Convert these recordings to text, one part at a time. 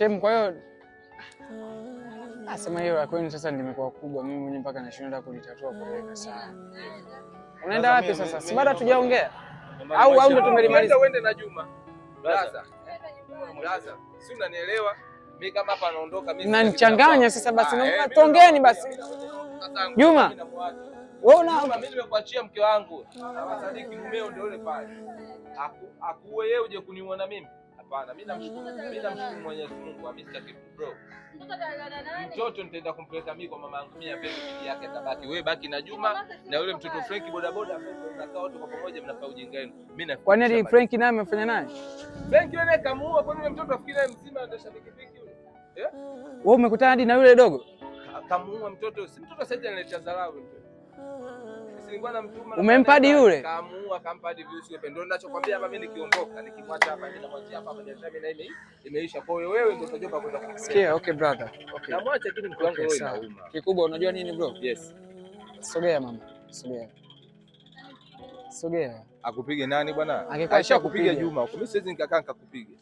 Shem, kwa hiyo nasema ah. ah, hiyo kwenu sasa limekuwa kubwa, mimi mwenyewe mpaka nashinda kulitatua leo sana. Mm. Unaenda wapi sasa? Si bado hatujaongea au au ndo tumelimaliza? Uende na Juma. Sasa. Sasa. Si unanielewa? Mimi kama hapa naondoka mimi. Mnanichanganya sasa basi ah, naomba eh, tuongeeni basi. Juma. Wewe una mimi nimekuachia mke wangu. Na Sadiki mumeo ndio yule pale. Akuwe yeye uje kuniona mimi. Hapana, mimi namshukuru Mwenyezi Mungu, mimi sitaki bro. Mtoto nitaenda kumpeleka mimi kwa mama yangu, mia mimi bibi yake tabaki. Wewe baki na Juma na yule mtoto Frank bodaboda, mnakaa wote kwa pamoja, mnafaa ujinga wenu. Mimi na Kwani ali Frank naye amefanya naye? Frank yule kamuua, kwani yule mtoto afikiri mzima atasha pikipiki yule. Eh? Wewe umekutana hadi na yule dogo? Kamuua mtoto, si mtoto sasa analeta dharau. Umempadi yule? Kaamua kampadi views yule. Ndio ninachokwambia hapa mimi nikiondoka nikimwacha hapa ndio namwachia hapa hapa biashara mimi na imeisha. Kwa hiyo wewe ndio utajua kwenda kusikia. Sikia, okay brother. Okay. Namwacha lakini mtu wangu wewe inauma. Kikubwa unajua nini bro? Yes. Sogea mama. Sogea. Sogea. Akupige nani bwana? Aisha kupiga Juma. Mimi siwezi nikakaa nikakupiga.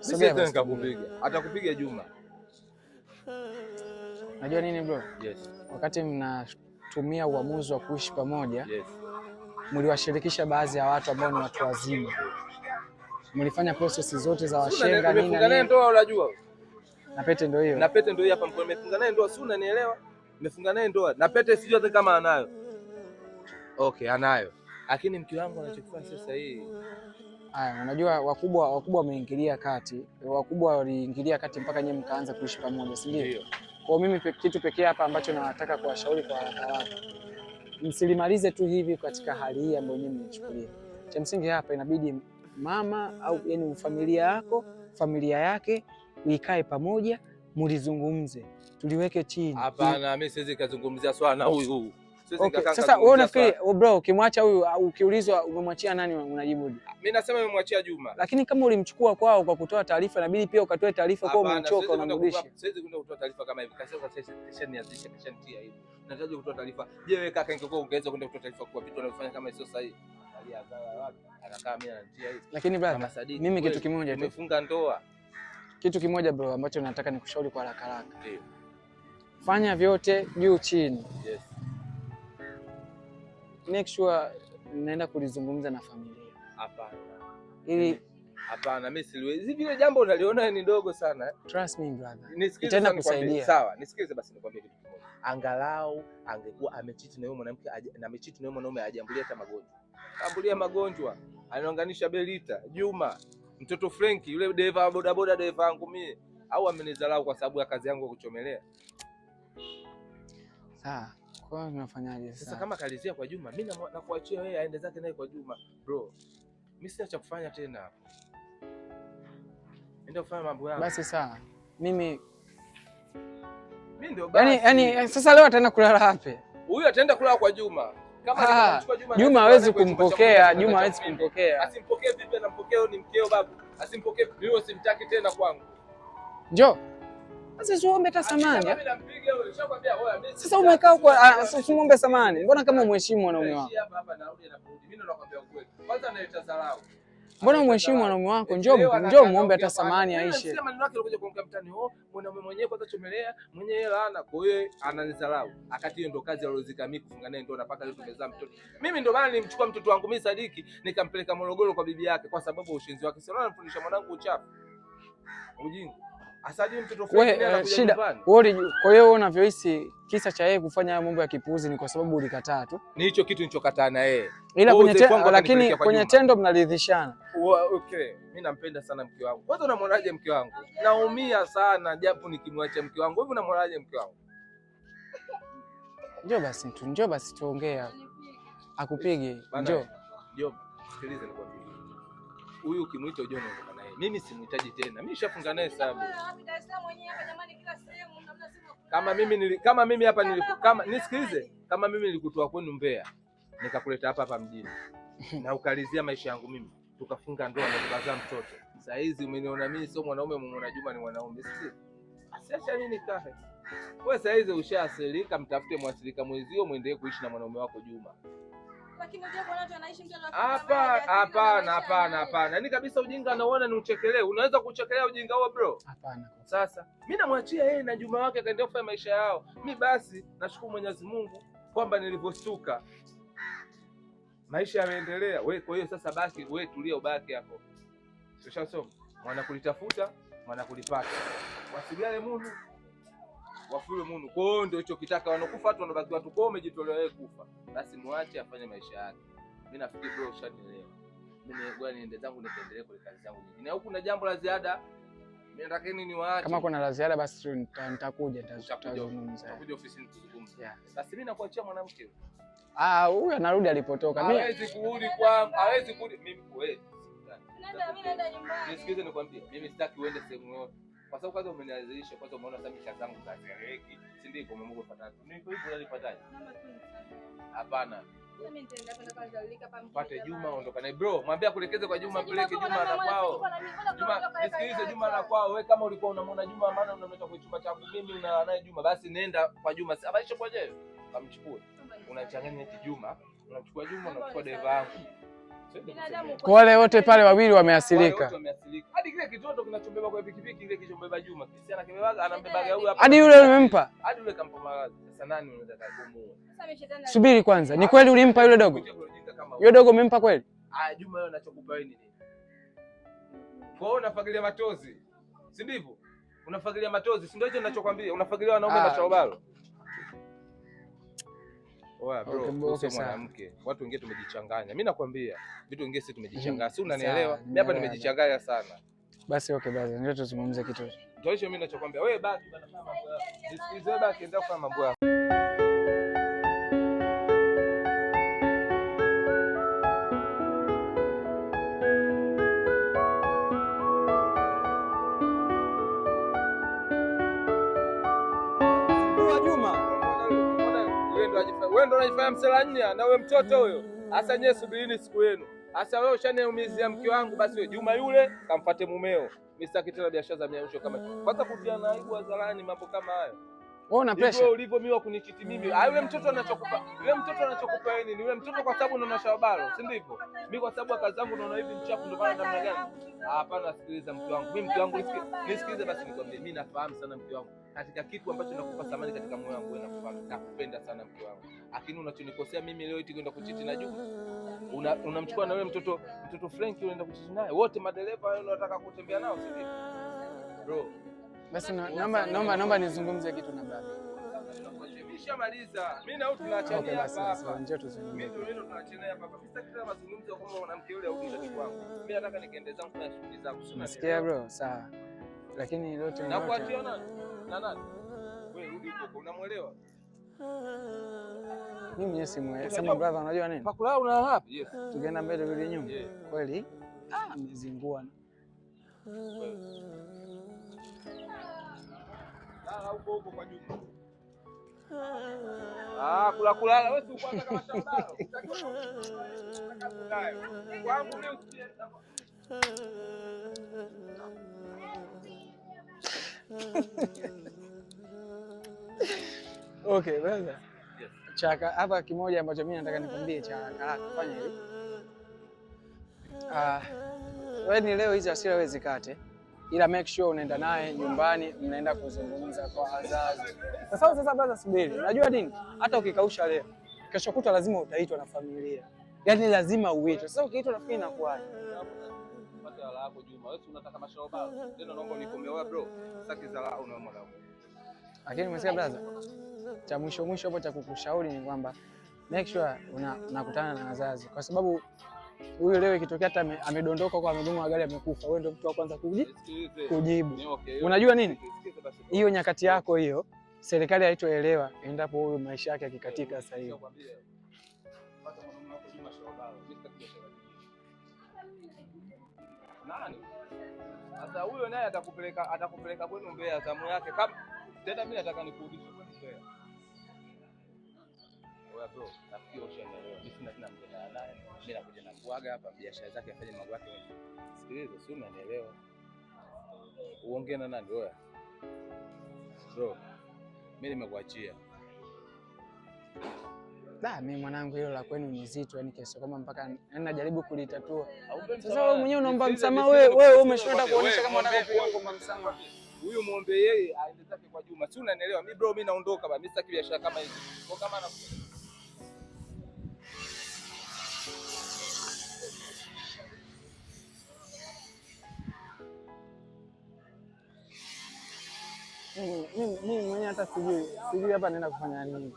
Sogea basi nikakupiga. Atakupiga Juma. Najua nini bro? Yes. Wakati mna kutumia uamuzi wa kuishi pamoja yes, mliwashirikisha baadhi ya watu ambao ni watu wazima, mlifanya prosesi zote za washenga nini na ndoa, unajua na pete ndio hiyo, na pete ndio hapa mko nimefunga naye ndoa, si unanielewa? Nimefunga naye ndoa na pete, sijui hata kama anayo. Okay, anayo, lakini mke wangu anachokifanya sasa hii Aya, unajua wakubwa wakubwa wameingilia kati, wakubwa waliingilia kati mpaka nyewe mkaanza kuishi pamoja, si ndio? Kwa mimi kitu pekee hapa ambacho nataka kuwashauri kwa haraka haraka, msilimalize tu hivi katika hali hii ambayo mimi nimechukulia. Cha msingi hapa inabidi mama au yani familia yako familia yake uikae pamoja, mulizungumze, tuliweke chini. Hapana, mimi siwezi kazungumzia swala na huyu sasa wewe unafikiri oh, bro, ukimwacha huyu uh, ukiulizwa umemwachia nani unajibu? Mimi nasema nimemwachia Juma. Lakini kama ulimchukua kwao kwa kutoa taarifa, inabidi pia ukatoe taarifa kwao, umemchoka unamrudisha. Siwezi kwenda kutoa taarifa kama hivi. Sasa session ya session session tia hivi. Nataka kutoa taarifa. Je, wewe kaka, ingekuwa ungeweza kwenda kutoa taarifa kwa vitu unavyofanya kama sio sahihi? Anakaa mimi anatia hivi. Lakini brother, mimi kitu kimoja tu. Umefunga ndoa. Kitu kimoja bro ambacho nataka nikushauri kwa haraka haraka. Ndio. Fanya vyote juu chini. Yes make sure naenda kulizungumza na familia. Hapana. Ili hapana, mimi siwezi. Vile jambo unaliona ni dogo sana. Trust me brother. Nitaenda kusaidia. Sawa, nisikilize basi nikwambie kitu kimoja. Angalau angekuwa amechiti na yule mwanamke na amechiti na yule mwanaume ajambulia hata magonjwa. Ambulia magonjwa. Anaunganisha Belita, Juma, mtoto Frenki, yule deva bodaboda deva wangu mimi au amenizalau kwa sababu ya kazi yangu ya kuchomelea. Sawa. Kwa nafanyaje sasa? Sasa kama kalizia kwa Juma, mimi nakuachia wewe aende zake naye kwa Juma. Bro, mimi sina cha kufanya tena hapo. Enda kufanya mambo yako. Basi sawa. Mimi mimi ndio yaani- basi. Yaani yaani sasa leo ataenda kulala wapi? Huyu ataenda kulala kwa Juma. Kama ah, anachukua Juma, Juma hawezi kumpokea, Juma hawezi kumpokea. Asimpokee vipi? Anampokea ni mkeo babu. Asimpokee mimi simtaki tena kwangu. Njoo. Sasa si uombe hata samani. Sasa umekaa kwa ah, usimwombe samani, mbona kama umheshimu mwanaume wako? Mbona umheshimu mwanaume wako? Njoo njoo muombe hata samani aishe. Mimi ndio maana nilimchukua mtoto wangu mimi Sadiki nikampeleka Morogoro kwa bibi yake kwa sababu ushenzi wake. Sio, anafundisha mwanangu uchafu. Ujinga. Wewe eh, shida wewe, kwa hiyo wewe unavyohisi kisa cha yeye kufanya mambo ya kipuuzi ni kwa sababu ulikataa tu, ni hicho kitu nilichokataa na yeye, ila kwenye tendo, lakini kwenye tendo mnaridhishana. Okay, mimi nampenda sana mke wangu. Kwanza unamwonaje mke wangu? Naumia sana japo nikimwacha mke wangu. Wewe unamwonaje mke wangu? Njoo basi tu, njoo basi tuongee, akupige. Njoo, njoo, sikiliza nikwambie, huyu ukimwita Jono mimi simhitaji tena, mimi nishafunga naye hesabu. Kama mimi nili, kama mimi hapa niliku, kama nisikilize, kama mimi nilikutoa kwenu Mbeya nikakuleta hapa hapa mjini na ukalizia maisha yangu mimi tukafunga ndoa na tukazaa mtoto. Sasa hizi umeniona mimi sio mwanaume, muona Juma ni mwanaume, sisi asiacha nini kae wewe. Sasa hizi ushaasilika, mtafute mwasilika mwenzio, muendelee kuishi na mwanaume wako Juma. Hapana, hapana, hapana. Yaani kabisa ujinga nauona ni uchekelee Unaweza kuchekelea ujinga huo bro? Hapana. Sasa mimi namwachia yeye na Juma wake akaendelea kufanya maisha yao. Mimi basi nashukuru Mwenyezi Mungu kwamba nilivyostuka maisha yameendelea. Wewe kwa hiyo sasa basi wewe tulia, ubaki hapo. Ushasoma mwana kulitafuta mwana kulipata, wasigale Mungu wafue munu kwao, ndio hicho kitaka wanokufuata, wanabaki watu kwao. Umejitolea wewe kufa, basi muache afanye maisha yake. Mimi nafikiri bro, ushanielewa. Mimi niende zangu nikaendelee kwa kazi zangu nyingine, na huku na jambo la ziada mimi ni niwaache. Kama kuna la ziada basi nitakuja, nitazungumza. Utakuja ofisini tuzungumze. Basi mimi nakuachia mwanamke huyo. Ah, huyu anarudi alipotoka. Mimi hawezi kurudi kwangu, hawezi kurudi mimi. Wewe, mimi naenda nyumbani. Nisikize nikwambie, mimi sitaki uende sehemu yoyote kwa sababu kwanza umeniazirisha, kwanza umeona samisha zangu zazeleweki, si ndivyo? Mungu patatu niko hivyo, nalipataje? Hapana, pate Juma, ondoka naye bro, mwambia kulekeze kwa Juma, peleke Juma na kwao. Juma, nisikilize, Juma na kwao. Wewe kama ulikuwa unamwona Juma, maana unamleta kwa chumba changu mimi, una naye Juma, basi nenda kwa Juma, abaishe kwa je, kamchukue unachanganya eti Juma, unachukua Juma, na unachukua dereva wangu. Kwa wale wote pale wawili wameasilika. hadi kile kitoto kinachobeba kwa pikipiki, ile kilichobeba Juma hadi yule ulimpa? hadi yule kampa maradhi. Sasa nani unataka kumuua? Subiri kwanza, ni kweli ulimpa yule dogo? Yule dogo umempa kweli? Ah, Juma yeye anachokupa wewe nini? Kwa hiyo unafagilia matozi, si ndivyo? Unafagilia matozi, si ndio hicho ninachokwambia? Unafagilia wanaume na chaobalo ah. Oya mwanamke. Watu wengine tumejichanganya. Mimi nakwambia, vitu vingine sisi tumejichanganya. Si unanielewa? Mimi hapa nimejichanganya sana. Basi okay, basi ndio tuzungumze kitu. Ndio hicho mimi ninachokwambia. Wewe baki bana, mama. Wewe baki endelea kufanya mambo yako. wewe ndo unajifanya sala nne na wewe mtoto huyo. Hasa nyewe subirini siku yenu. Hasa wewe ushaniumizia mke wangu, basi wewe Juma yule kamfuate mumeo. Mimi sitaki tena biashara za miausho kama. Kwanza kutia na aibu hadharani mambo kama hayo. Wewe una pressure. ulivyo mimi kunichiti mimi. Ah, yule mtoto anachokupa. Yule mtoto anachokupa yeye ni yule mtoto kwa sababu unaona shawabalo, si ndivyo? Mimi kwa sababu kazi zangu unaona hivi mchafu ndio maana namna gani? Ah, hapana sikiliza mke wangu. Mimi mke wangu nisikilize basi nikwambie mimi nafahamu sana mke wangu. Katika kitu ambacho nakupa thamani katika moyo wangu wewe nakufahamu. Nakupenda sana mke wangu. Lakini unachonikosea mimi leo eti kwenda kuchiti na juu. Unamchukua na yule mtoto mtoto Frank unaenda kuchiti naye. Wote madereva wale wanataka kutembea nao, si ndivyo? Bro, basi naomba naomba naomba nizungumze kitu na baba. Nimeshamaliza. Mimi na wewe tunaachania hapa. Njoo tuzungumze. Mimi ndio tunaachania hapa. Mimi sitaki tena mazungumzo kwa mwanamke yule au mzazi wangu. Mimi nataka nikaende zangu na shughuli zangu. Nasikia bro, sawa. Lakini leo tena na kuachia na nani? Wewe rudi huko, unamuelewa? Mimi yeye Sema brother, unajua nini? Pakula una wapi? Yes. Tukienda mbele rudi nyuma. Kweli? Ah, mezingua huko huko kwa ah. ah, kula kula wewe kama Okay, brother. Chaka hapa kimoja ambacho mimi nataka nikwambie cha haraka fanya hivi. Ah, wewe ni leo hizo hasira wewe ila make sure unaenda naye nyumbani, mnaenda kuzungumza kwa wazazi. Sasa sasa, brother, subiri, unajua nini, hata ukikausha leo, kesho kutwa lazima utaitwa na familia, yaani lazima uitwe. Sasa ukiitwa, nafikiri inakuwaje? Lakini umesikia brother, cha mwisho mwisho hapo cha kukushauri ni kwamba make sure unakutana una na wazazi kwa sababu huyo leo ikitokea hata amedondoka kwa huko amegongwa gari amekufa, wewe ndio mtu wa kwanza kuji kujibu. Unajua nini, hiyo nyakati yako hiyo, serikali haitoelewa endapo huyo maisha yake yakikatika sasa hivi. Sasa huyo naye atakupeleka atakupeleka kwenu Mbeya zamu yake kama tena, mimi nataka nikurudishe kwenu Mbeya. Kwa bro, nafikiri ushaelewa. Mimi sina tena mbele naye. Mimi nakuja na kuaga hapa biashara zake afanye mambo yake mwenyewe. Sikiliza, si unanielewa? Uongee na nani wewe? Bro, mimi nimekuachia. Da, ah, mimi mwanangu hilo la kwenu ni zito, yani kiasi kwamba mpaka najaribu kulitatua. Sasa wewe mwenyewe unaomba msamaha wewe, wewe umeshinda kuonyesha kama unataka kuomba msamaha. Huyu muombe yeye aende zake kwa Juma. Si unanielewa? Mimi bro, mimi naondoka baba. Mimi sitaki biashara kama hizi. Kwa kama anakuja mimi mwenyewe hata sijui sijui hapa naenda kufanya nini.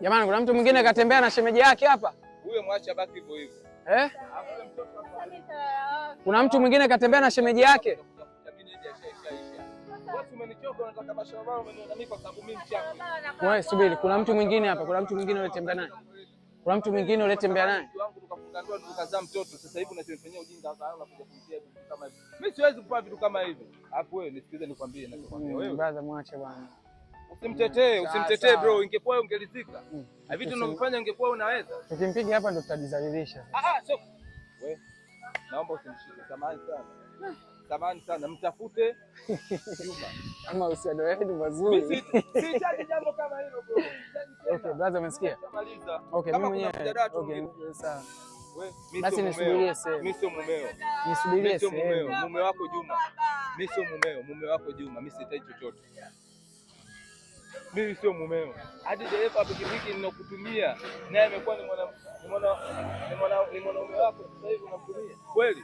Jamani, kuna mtu mwingine katembea na shemeji yake hapa eh? Kuna mtu mwingine katembea na shemeji yake wewe subiri, kuna mtu mwingine hapa, kuna mtu mwingine unatembea naye, kuna mtu mwingine unatembea naye. hapa, Mimi siwezi kupa vitu kama hivi. Alafu wewe nikwambie mm, wewe. Brother, mwache bwana. Usimtetee, mm, usimtetee bro, ingekuwa ungelizika. Mm, Na vitu unavyofanya unaweza. hapa ndo tutadhalilisha. Ah ah, sio. Wewe naomba usimshike, samahani sana. Ah. Samahani sana, mtafute mahusiano yenu mazuri. Sihitaji jambo kama hilo. bro. Okay brother, umesikia? Okay, mimi mwenyewe. Okay, sawa. Basi nisubirie sasa. Mimi sio mumeo. Nisubirie sasa. Mimi mumeo, Mume wako Juma. Mimi sio mumeo, mume wako Juma. Mimi sihitaji chochote. Mimi sio mumeo. Hadi dereva pikipiki ninakutumia naye amekuwa ni mwana ni mwana ni wako sasa hivi unamtumia. Kweli?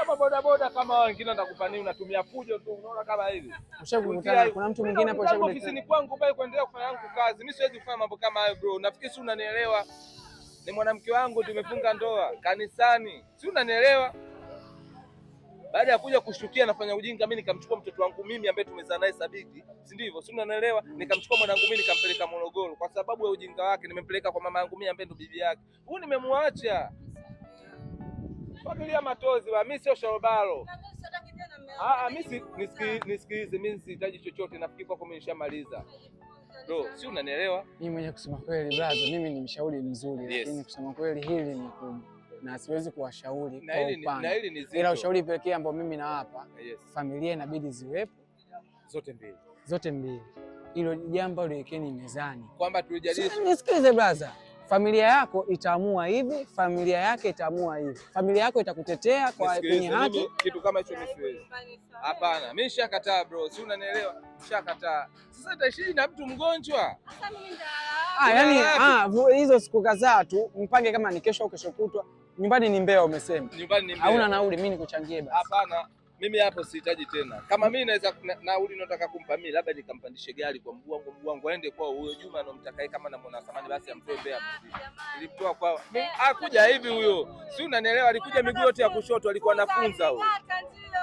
Sema boda boda kama wengine watakupa nini, unatumia fujo tu, unaona kama hivi. Ushakukuta kuna mtu mwingine hapo ushakukuta. Ofisini kwangu pale kuendelea kufanya yangu kazi. Mimi siwezi kufanya mambo kama hayo bro. Nafikiri si unanielewa. Ni mwanamke wangu tumefunga ndoa kanisani. Si unanielewa? Baada ya kuja kushtukia nafanya ujinga, mimi nikamchukua mtoto wangu mimi ambaye tumezaa naye Sabiti, si ndivyo? Si unanielewa? Nikamchukua mwanangu mimi nikampeleka Morogoro kwa sababu ya ujinga wake. Nimempeleka kwa mama yangu mimi ambaye ndo bibi yake. Huyu nimemwacha. Fuatilia matozi wa mimi sio shorobalo. Ah, ah mimi nisikilize, mimi sihitaji chochote, nafikiri kwako mimi nishamaliza. Bro, si unanielewa? Mimi mwenye kusema kweli brother, mimi ni mshauri mzuri, yes. Lakini kusema kweli hili ni kubwa na siwezi kuwashauri kwa upana, ila ushauri pekee ambao mimi nawapa yes. Familia inabidi ziwepo zote mbili, zote mbili. Hilo jambo liwekeni mezani kwamba tulijadili. Nisikilize brother familia yako itaamua hivi, familia yake itaamua hivi, familia yako itakutetea kwa kwenye haki. Kitu kama hicho mimi siwezi, hapana. Mimi nishakataa bro, si unanielewa? Nishakataa. Sasa taishi na mtu mgonjwa. Ah, yani ah, hizo siku kadhaa tu mpange, kama ni kesho au kesho kutwa. Nyumbani ni mbea, umesema nyumbani ni mbea, hauna nauli, mimi nikuchangie basi. Hapana mimi hapo sihitaji tena. Kama mimi naweza nauli nataka kumpa mimi, labda nikampandishe gari kwa mguu wangu, mguu wangu aende kwao, huyo Juma anamtakae kama namwona samani, basi amtoe. Nilimtoa kwa akuja hivi huyo, si unanielewa? Alikuja miguu yote ya kushoto, alikuwa anafunza huyo,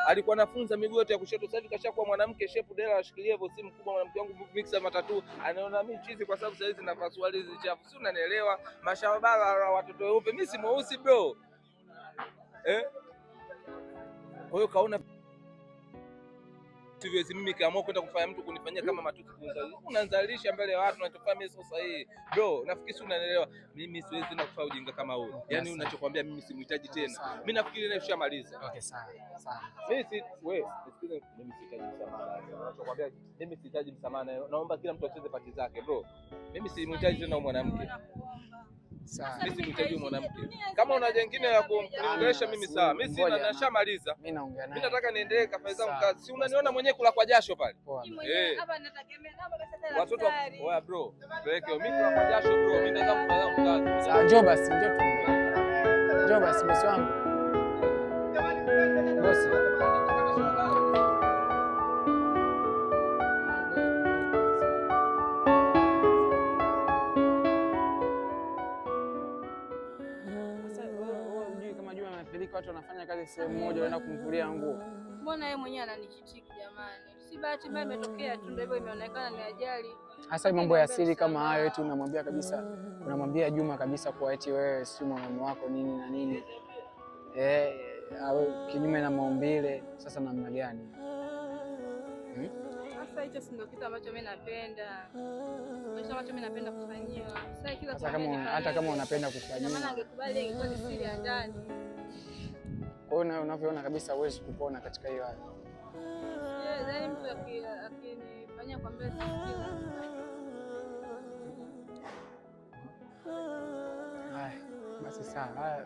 alikuwa anafunza miguu yote ya kushoto. Sasa hivi kashakuwa mwanamke shepu dela, anashikilia hivyo simu kubwa, mwanamke wangu mixer matatu, anaona mimi chizi, kwa sababu saizi na paswali hizi chafu, si unanielewa? Mashabara watoto weupe, mimi si mweusi bro, eh? Kwa hiyo kaona siwezi mimi kaamua kwenda kufanya mtu kunifanyia kama matusi, unanzalisha mbele ya watu, unachofanya mimi sasa hii Bro, nafikiri si unaelewa, mimi siwezi na kufanya ujinga kama huo. Yani unachokwambia mimi simhitaji tena, mimi nafikiri ile ushamaliza Okay, sawa sawa, mimi si wewe, nafikiri mimi sihitaji msamaha, unachokwambia mimi sihitaji msamaha, naomba kila mtu acheze pati zake. Bro, mimi simhitaji tena mwanamke mimi simhitaji mwanamke. Kama una jengine ya kuongelesha mimi sawa, mimi sina, nashamaliza. Mimi nataka niendelee kafanya zangu kazi, si unaniona mwenyewe kula kwa jasho pale. Eh. Watoto oya, bro, peleke mimi kula kwa jasho bro, mimi nataka kufanya kazi. Sawa, njoo basi, njoo tu. Njoo basi, bosi wangu. Bosi. wakati wanafanya kazi sehemu moja, waenda kumvulia nguo. Mbona yeye mwenyewe ananichitiki jamani? Si bahati mbaya imetokea tu, ndio hivyo, imeonekana ni ajali. Hasa mambo ya siri kama hayo, eti unamwambia kabisa, unamwambia Juma kabisa kwa eti wewe si mwanaume wako nini na nini eh, au kinyume na maumbile. Sasa namna gani hmm? Hicho si ndio kitu ambacho mimi napenda, hicho ambacho mimi napenda kufanyiwa. Sasa kila hata kama unapenda kufanyiwa, maana angekubali ingekuwa siri ya ndani. Kwa hiyo unavyoona kabisa huwezi kupona katika hiyo hali. Eh, yaani Haya, basi sawa.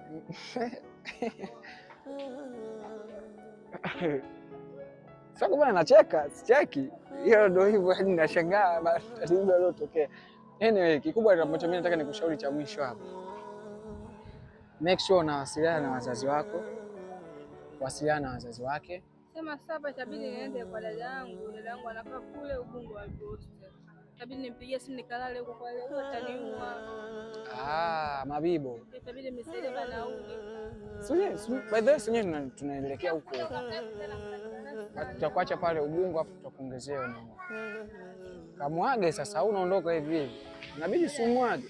Sasa kwa nini nacheka? Sicheki. Hiyo ndio hivyo, yani nashangaa tatizo lilotokea. Anyway, kikubwa ambacho mimi nataka nikushauri cha mwisho hapa. Make sure unawasiliana na wazazi wako kuwasiliana na wazazi wake. Sema saba itabidi niende kwa dada yangu, dada yangu anakaa kule Ubungo wa Hostel. Itabidi nimpigie simu nikalale huko kwa leo ataniua. Ah, Mabibo. Itabidi msaidie bana huko. By the way, sisi tunaelekea huko. Tutakuacha pale Ubungo afu tutakuongezea nini. Kamwage sasa au unaondoka hivi hivi. Inabidi simwage.